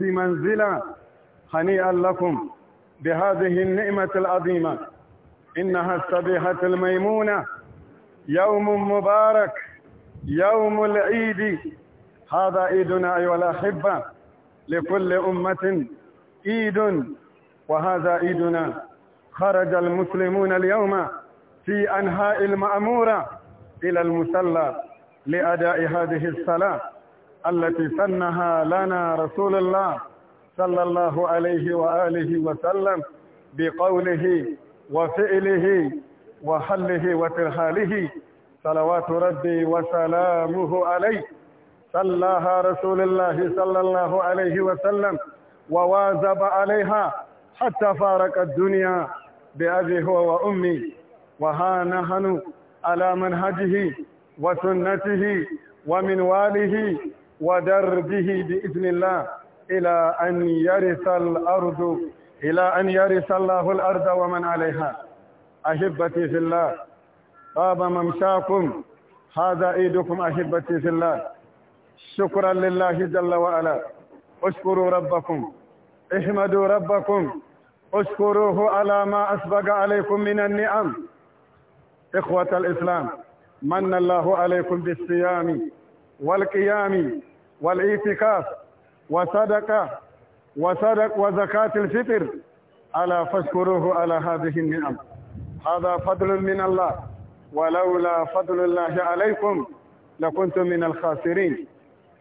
في منزلة هنيئا لكم بهذه النعمة العظيمة إنها السبيحة الميمونة يوم مبارك يوم العيد هذا عيدنا أيها الأحبة لكل أمة عيد وهذا عيدنا خرج المسلمون اليوم في أنهاء المأمورة إلى المسلى لأداء هذه الصلاة التي سنها لنا رسول الله صلى الله عليه وآله وسلم بقوله وفعله وحله وترحاله صلوات ربي وسلامه عليه صلىها رسول الله صلى الله عليه وسلم وواظب عليها حتى فارق الدنيا بأبي هو وأمي وها نحن على منهجه وسنته ومنواله ودربه بإذن الله إلى أن يرث الأرض إلى أن يرث الله الأرض ومن عليها أحبتي في الله طاب ممشاكم هذا عيدكم أحبتي في الله شكرا لله جل وعلا اشكروا ربكم احمدوا ربكم اشكروه على ما أسبق عليكم من النعم إخوة الإسلام من الله عليكم بالصيام والقيام والاعتكاف وصدقة وصدق وزكاة الفطر ألا فاشكروه على هذه النعم هذا فضل من الله ولولا فضل الله عليكم لكنتم من الخاسرين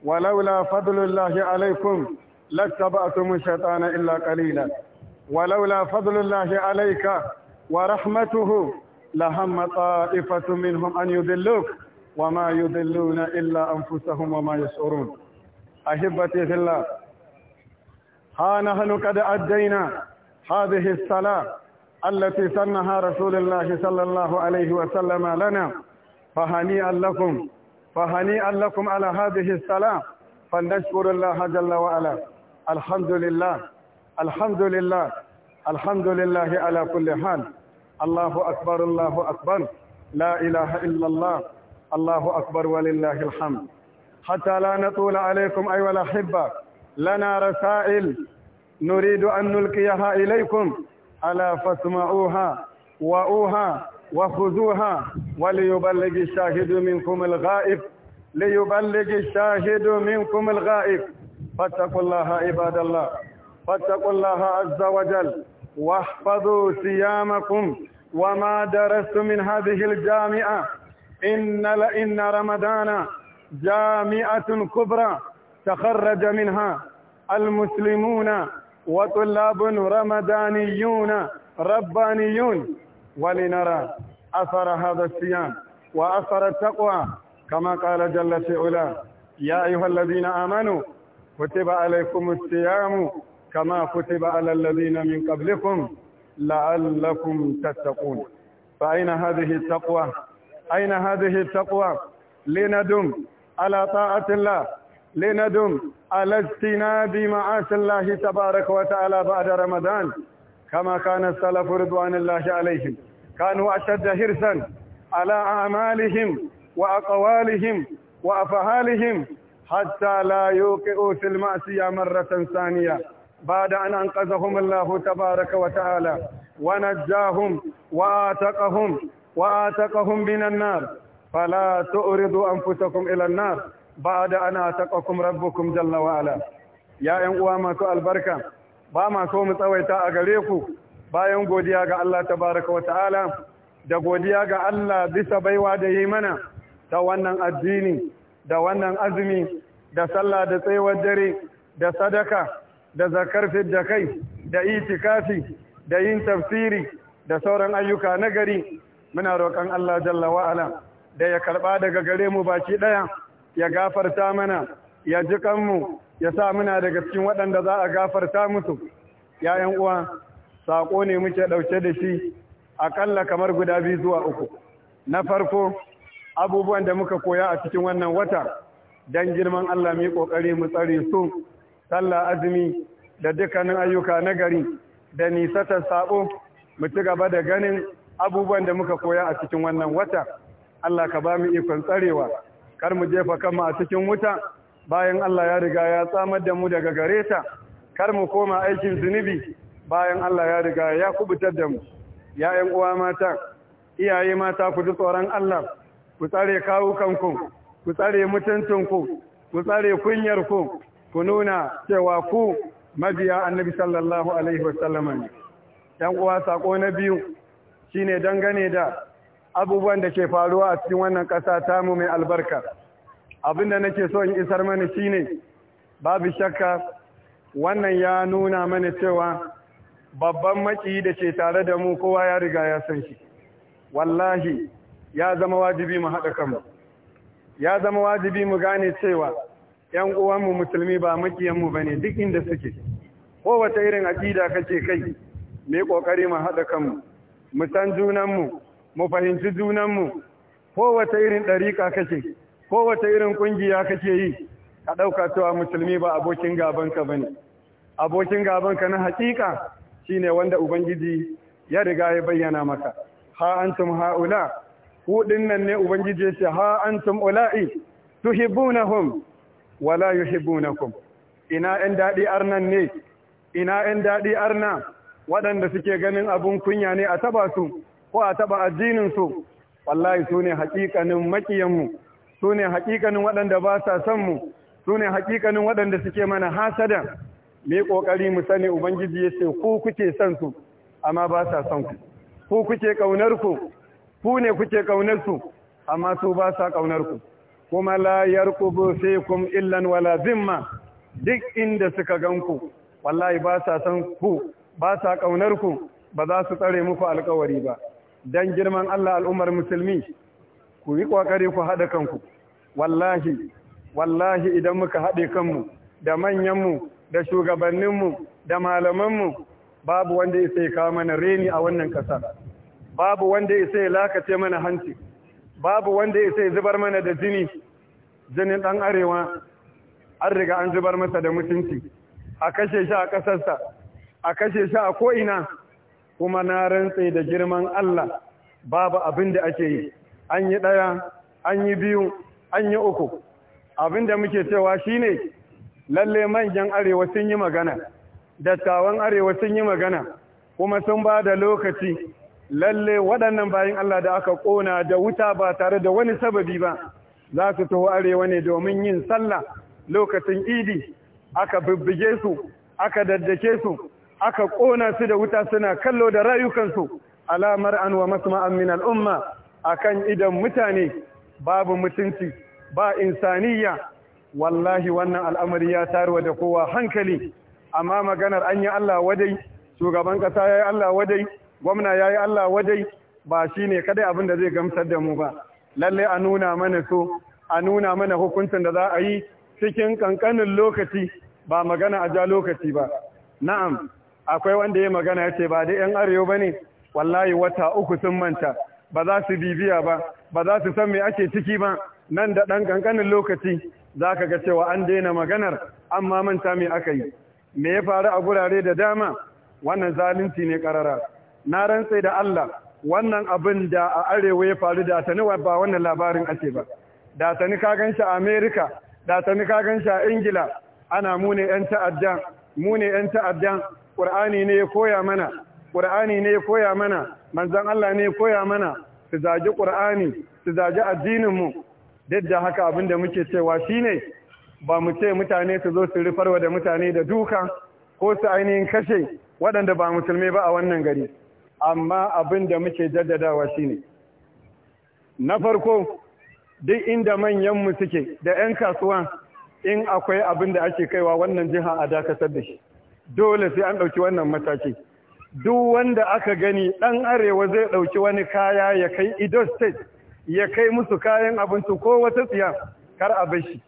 ولولا فضل الله عليكم لاتبعتم الشيطان إلا قليلا ولولا فضل الله عليك ورحمته لهم طائفة منهم أن يذلوك وما يذلون إلا أنفسهم وما يشعرون أحبتي في الله ها نحن قد أدينا هذه الصلاة التي سنها رسول الله صلى الله عليه وسلم لنا فهنيئا لكم فهنيئا لكم على هذه الصلاة فلنشكر الله جل وعلا الحمد لله الحمد لله الحمد لله على كل حال الله أكبر الله أكبر لا إله إلا الله الله أكبر ولله الحمد حتى لا نطول عليكم أيها الأحبة لنا رسائل نريد أن نلقيها إليكم ألا فاسمعوها وأوها وخذوها وليبلغ الشاهد منكم الغائب ليبلغ الشاهد منكم الغائب فاتقوا الله عباد الله فاتقوا الله عز وجل واحفظوا صيامكم وما درست من هذه الجامعة إن لإن رمضان جامعة كبرى تخرج منها المسلمون وطلاب رمضانيون ربانيون ولنرى أثر هذا الصيام وأثر التقوى كما قال جل في علا يا أيها الذين آمنوا كتب عليكم الصيام كما كتب على الذين من قبلكم لعلكم تتقون فأين هذه التقوى أين هذه التقوى لندم على طاعة الله لندم على اجتناب معاش الله تبارك وتعالى بعد رمضان كما كان السلف رضوان الله عليهم كانوا أشد هرسا على أعمالهم وأقوالهم وأفعالهم حتى لا يوقعوا في المعصية مرة ثانية بعد أن أنقذهم الله تبارك وتعالى ونجاهم وآتقهم وآتقهم من النار فلا تؤردوا أنفسكم إلى النار بعد أن أتقكم uwa masu albarka ba ma so mu tsawaita a gare ku bayan godiya ga Allah tabaraka wa ta'ala da godiya ga Allah bisa baiwa da yi mana ta wannan addini da wannan azumi da sallah da tsayuwar dare da sadaka da zakar da kai da itikafi da yin tafsiri da sauran ayyuka na gari muna roƙon Allah jalla wa'ala da ya karɓa daga gare mu baki ɗaya ya gafarta mana ya ji kanmu ya sa muna daga cikin waɗanda za a gafarta musu ‘ya'yan uwa saƙo ne muke ɗauke da shi aƙalla kamar guda biyu zuwa uku na farko abubuwan da muka koya a cikin wannan wata don girman Allah mu yi ƙoƙari mu tsare su sallah azumi da dukkanin ayyuka na gari da ta saƙo. mu ci gaba da ganin abubuwan da muka koya a cikin wannan wata Allah ka ba mu ikon tsarewa kar mu jefa kanmu a cikin wuta bayan Allah ya riga ya tsamar da mu daga gare ta kar mu koma aikin zunubi bayan Allah ya riga ya kubutar da mu ya'yan uwa mata iyaye mata ku ji tsoron Allah ku tsare kawukanku ku tsare mutuntunku, ku tsare kunyarku ku nuna cewa ku mabiya annabi sallallahu alaihi wasallam ne yan uwa sako na biyu shine dangane da abubuwan da ke faruwa a cikin wannan ƙasa ta mu mai albarka abinda nake so in isar mana shine babu shakka wannan ya nuna mana cewa babban maki da ke tare da mu kowa ya riga ya san shi wallahi ya zama wajibi mu haɗa kanmu ya zama wajibi mu gane cewa ‘yan uwanmu musulmi ba makiyanmu ba ne duk inda suke kowace irin aƙida kake kai mai ƙoƙari mu haɗa kanmu mu san junanmu mu fahimci junanmu wata irin ɗariƙa kake kowace irin ƙungiya kake yi ka ɗauka cewa musulmi ba abokin gabanka ba ne abokin gabanka na haƙiƙa shine wanda ubangiji ya riga ya bayyana maka ha antum haula ku nan ne ubangiji ya ce ha antum ula'i tuhibbunahum wala yuhibbunakum ina ɗan daɗi arnan ne ina ɗan daɗi arna waɗanda suke ganin abun kunya ne a taba su ko a taba addinin su wallahi su ne hakikanin makiyanmu su ne hakikanin waɗanda ba sa son mu su ne hakikanin waɗanda suke mana hasada me ƙoƙari mu sani ubangiji ya ce ku kuke son su amma ba sa son ku ku kuke ƙaunar ku ku ne kuke ƙaunar su amma su ba sa ƙaunar ku kuma la yarqubu kum illan wala zimma duk inda suka ganku wallahi ba sa son ku ba sa ƙaunar ku ba za su tsare muku alƙawari ba dan girman Allah al'ummar musulmi ku yi kokari ku hada kanku wallahi wallahi idan muka hade kanmu da manyanmu da shugabanninmu da malamanmu babu wanda ya kawo mana reni a wannan kasa babu wanda ya lakace mana hanci babu wanda ya zubar mana da jini jinin dan arewa an riga an zubar masa da mutunci a kashe shi a kasarsa a kashe shi a ko'ina kuma na rantse da girman Allah babu abin da ake yi an yi ɗaya an yi biyu an yi uku abin da muke cewa shine lalle manyan arewa sun yi magana dattawan arewa sun yi magana kuma sun ba da lokaci lalle waɗannan bayan Allah da aka ƙona da wuta ba tare da wani sababi ba za su taho arewa ne domin yin sallah lokacin idi aka bibbige su aka daddake su aka ƙona su da wuta suna kallo da rayukansu alamar an wa masma'an min al'umma akan idan mutane babu mutunci ba insaniya wallahi wannan al'amari ya tarwa da kowa hankali amma maganar an yi Allah wadai shugaban ƙasa ya yi Allah wadai gwamna ya yi Allah wadai ba shi ne kadai abin da zai gamsar da mu ba lallai a nuna mana so a nuna mana hukuncin da za a yi cikin ƙanƙanin lokaci ba magana a ja lokaci ba na'am akwai wanda ya magana ya ce ba da yan arewa ba ne wallahi wata uku sun manta ba za su bibiya ba ba za su san me ake ciki ba nan da ɗan ƙanƙanin lokaci za ka ga cewa an daina maganar amma manta me aka yi me ya faru a gurare da dama wannan zalunci ne ƙarara na rantse da Allah wannan abin da a arewa ya faru da tani ba wannan labarin ake ba da tani ka gan shi a Amerika da tani ka gan shi a Ingila ana mu ne 'yan ta'adda mu ne 'yan ta'adda ƙur'ani ne ya koya mana ƙur'ani ne ya koya mana manzan Allah ne ya koya mana su zaji ƙur'ani su zaji addininmu duk da haka abin da muke cewa shine ba mu ce mutane su zo su rufarwa da mutane da duka ko su ainihin kashe waɗanda ba musulmi ba a wannan gari amma abin da muke jaddadawa shine na farko duk inda manyanmu suke da 'yan kasuwa in akwai abin da ake kaiwa wannan jiha a dakatar da shi dole sai an ɗauki wannan mataki duk wanda aka gani ɗan arewa zai ɗauki wani kaya ya kai ido state ya kai musu kayan abinci ko wata tsiya kar a bashi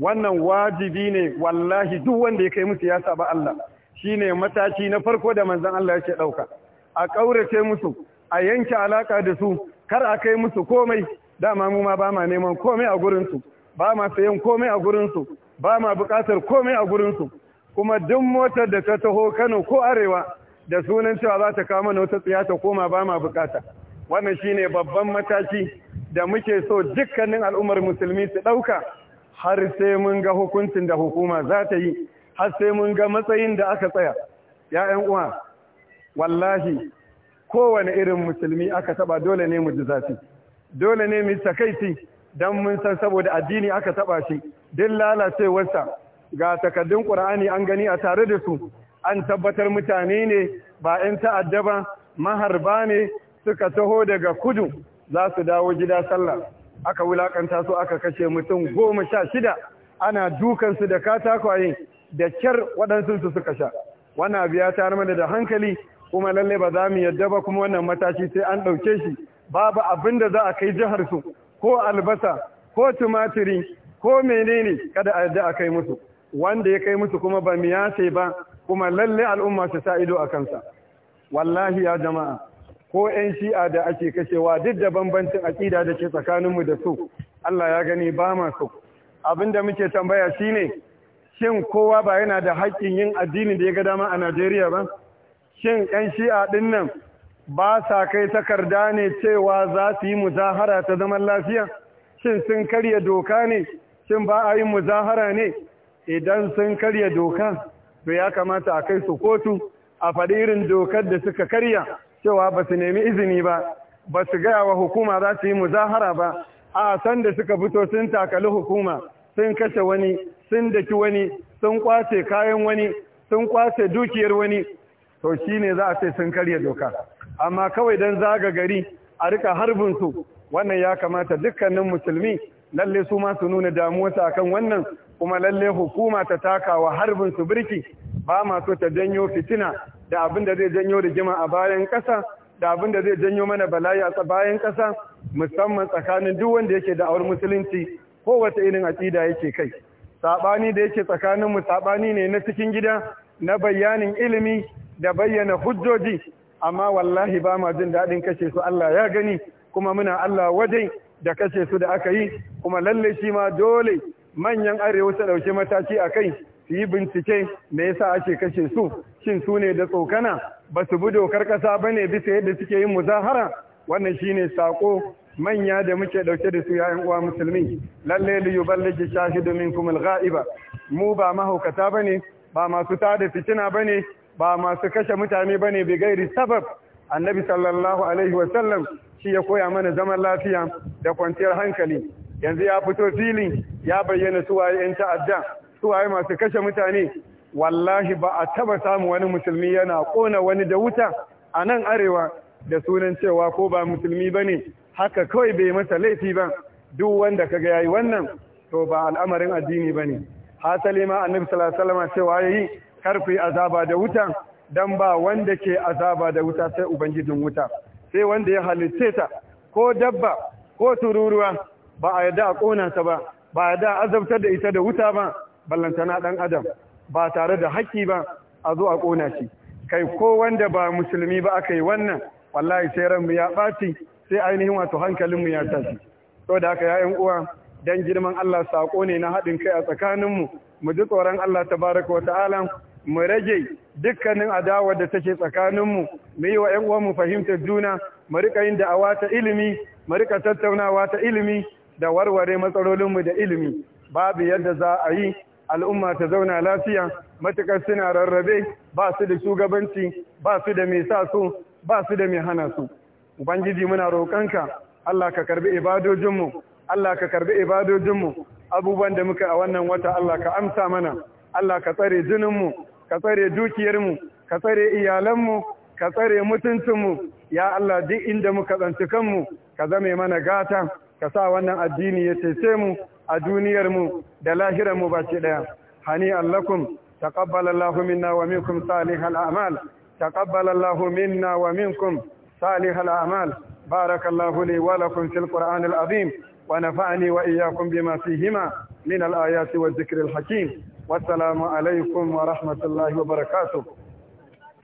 wannan wajibi ne wallahi duk wanda ya kai musu ya saba Allah shine mataki na farko da manzon Allah yake ɗauka a ƙaurace musu a yanke alaka da su kar a kai musu komai dama mu ma ba ma neman komai a gurinsu ba ma sayan komai a gurinsu ba ma buƙatar komai a gurinsu kuma duk motar da ta taho Kano ko Arewa da sunan cewa za ta kawo mana wata tsiya ta koma ba ma bukata wannan shine babban mataki da muke so dukkanin al'ummar musulmi su ɗauka har sai mun ga hukuncin da hukuma za ta yi har sai mun ga matsayin da aka tsaya ya uwa wallahi kowane irin musulmi aka taba dole ne mu ji zafi dole ne mu sakaiti dan mun san saboda addini aka taba shi din lalacewarsa ga takaddun ƙur'ani an gani a tare da su an tabbatar mutane ne ba 'yan ta'adda ba maharba ne suka taho daga kudu za su dawo gida sallah aka wulakanta su aka kashe mutum goma sha shida ana dukansu da katakwaye da kyar waɗansu su suka sha wannan abu ya tayar mana da hankali kuma lalle ba za mu yadda ba kuma wannan matashi sai an ɗauke shi babu abin da za a kai jihar su ko albasa ko tumatiri ko menene kada a yadda a kai musu wanda ya kai musu kuma ba miyace ba kuma lalle al'umma su sa ido a kansa wallahi ya jama'a ko 'yan shi'a da ake kashewa duk da bambancin aƙida da ke tsakaninmu da su Allah ya gani ba ma su abinda muke tambaya shine shin kowa ba yana da haƙƙin yin addini da ya ga dama a Najeriya ba shin 'yan shi'a ɗin nan ba sa kai takarda ne cewa za su yi muzahara ta zaman lafiya shin sun karya doka ne shin ba a yi muzahara ne idan sun karya doka, to ya kamata a kai su kotu a faɗi irin dokar da suka karya cewa ba su nemi izini ba ba su gaya wa hukuma za su yi muzahara ba a san da suka fito sun takali hukuma sun kashe wani sun daki wani sun kwace kayan wani sun kwace dukiyar wani to shi ne za a ce sun karya doka amma kawai don zaga gari a rika harbin su wannan ya kamata dukkanin musulmi lalle su ma su nuna damuwarsu akan wannan kuma lalle hukuma ta taka wa harbin su birki ba ma so ta janyo fitina da abin da zai janyo rigima a bayan ƙasa da abin da zai janyo mana bala'i a bayan ƙasa musamman tsakanin duk wanda yake da awar musulunci ko wata irin aƙida yake kai sabani da yake tsakanin mu sabani ne na cikin gida na bayanin ilimi da bayyana hujjoji amma wallahi ba ma jin daɗin kashe su Allah ya gani kuma muna Allah waje da kashe su da aka yi kuma lalle shi ma dole manyan arewa su ɗauki mataki a kai su yi bincike me yasa ake kashe su shin su ne da tsokana ba su bi dokar ƙasa ba ne bisa yadda suke yin muzahara wannan shi ne sako manya da muke ɗauke da su yayan uwa musulmi lalle li shahi shahidu minkum al mu ba mahaukata ba ne? ba masu tada fitina ba ne? ba masu kashe mutane ba ne bi gairi sabab annabi sallallahu alaihi wa shi ya koya mana zaman lafiya da kwanciyar hankali yanzu ya fito fili ya bayyana suwaye 'yan ta'adda suwaye masu kashe mutane wallahi ba a taba samu wani musulmi yana kona wani da wuta a nan arewa da sunan cewa ko ba musulmi ba ne haka kawai bai masa laifi ba duk wanda ka ga yayi wannan to ba al'amarin addini ba ne hasali ma annabi sallallahu alaihi wasallam cewa yayi karfi azaba da wuta dan ba wanda ke azaba da wuta sai ubangijin wuta sai wanda ya halitte ta ko dabba ko tururuwa ba a yadda a ƙona ta ba ba a yadda a azabtar da ita da wuta ba ballantana ɗan adam ba tare da haƙƙi ba a zo a ƙona shi kai ko wanda ba musulmi ba aka yi wannan wallahi sai ranmu ya ɓaci sai ainihin wato hankalinmu ya tashi to da haka yayan uwa dan girman Allah sako ne na haɗin kai a tsakaninmu mu ji tsoron Allah ta tabaraka wa ta'ala mu rage dukkanin adawar da take tsakaninmu mu yi wa 'yan mu fahimtar juna mu rika yin da'awa ta ilimi mu rika tattaunawa ta ilimi da warware matsalolinmu da ilimi babu yadda za a yi al'umma ta zauna lafiya matukar suna rarrabe ba su da shugabanci ba su da mai sa su ba su da mai hana su ubangiji muna roƙonka Allah ka karbi ibadojinmu Allah ka karbi ibadojinmu abubuwan da muka a wannan wata Allah ka amsa mana Allah ka tsare jininmu ka tsare dukiyarmu ka tsare iyalanmu ka tsare mutuncinmu ya Allah duk inda muka tsanci kanmu ka zame mana gata kasa wannan addini ya cece mu a duniyar mu da lahirar mu baki daya hani allakum taqabbalallahu minna wa minkum salihal a'mal taqabbalallahu minna wa minkum salihal a'mal barakallahu li wa lakum fil qur'anil azim wa nafa'ani wa iyyakum bima fihima min al-ayati wadh-dhikril hakim wassalamu alaykum wa rahmatullahi wa barakatuh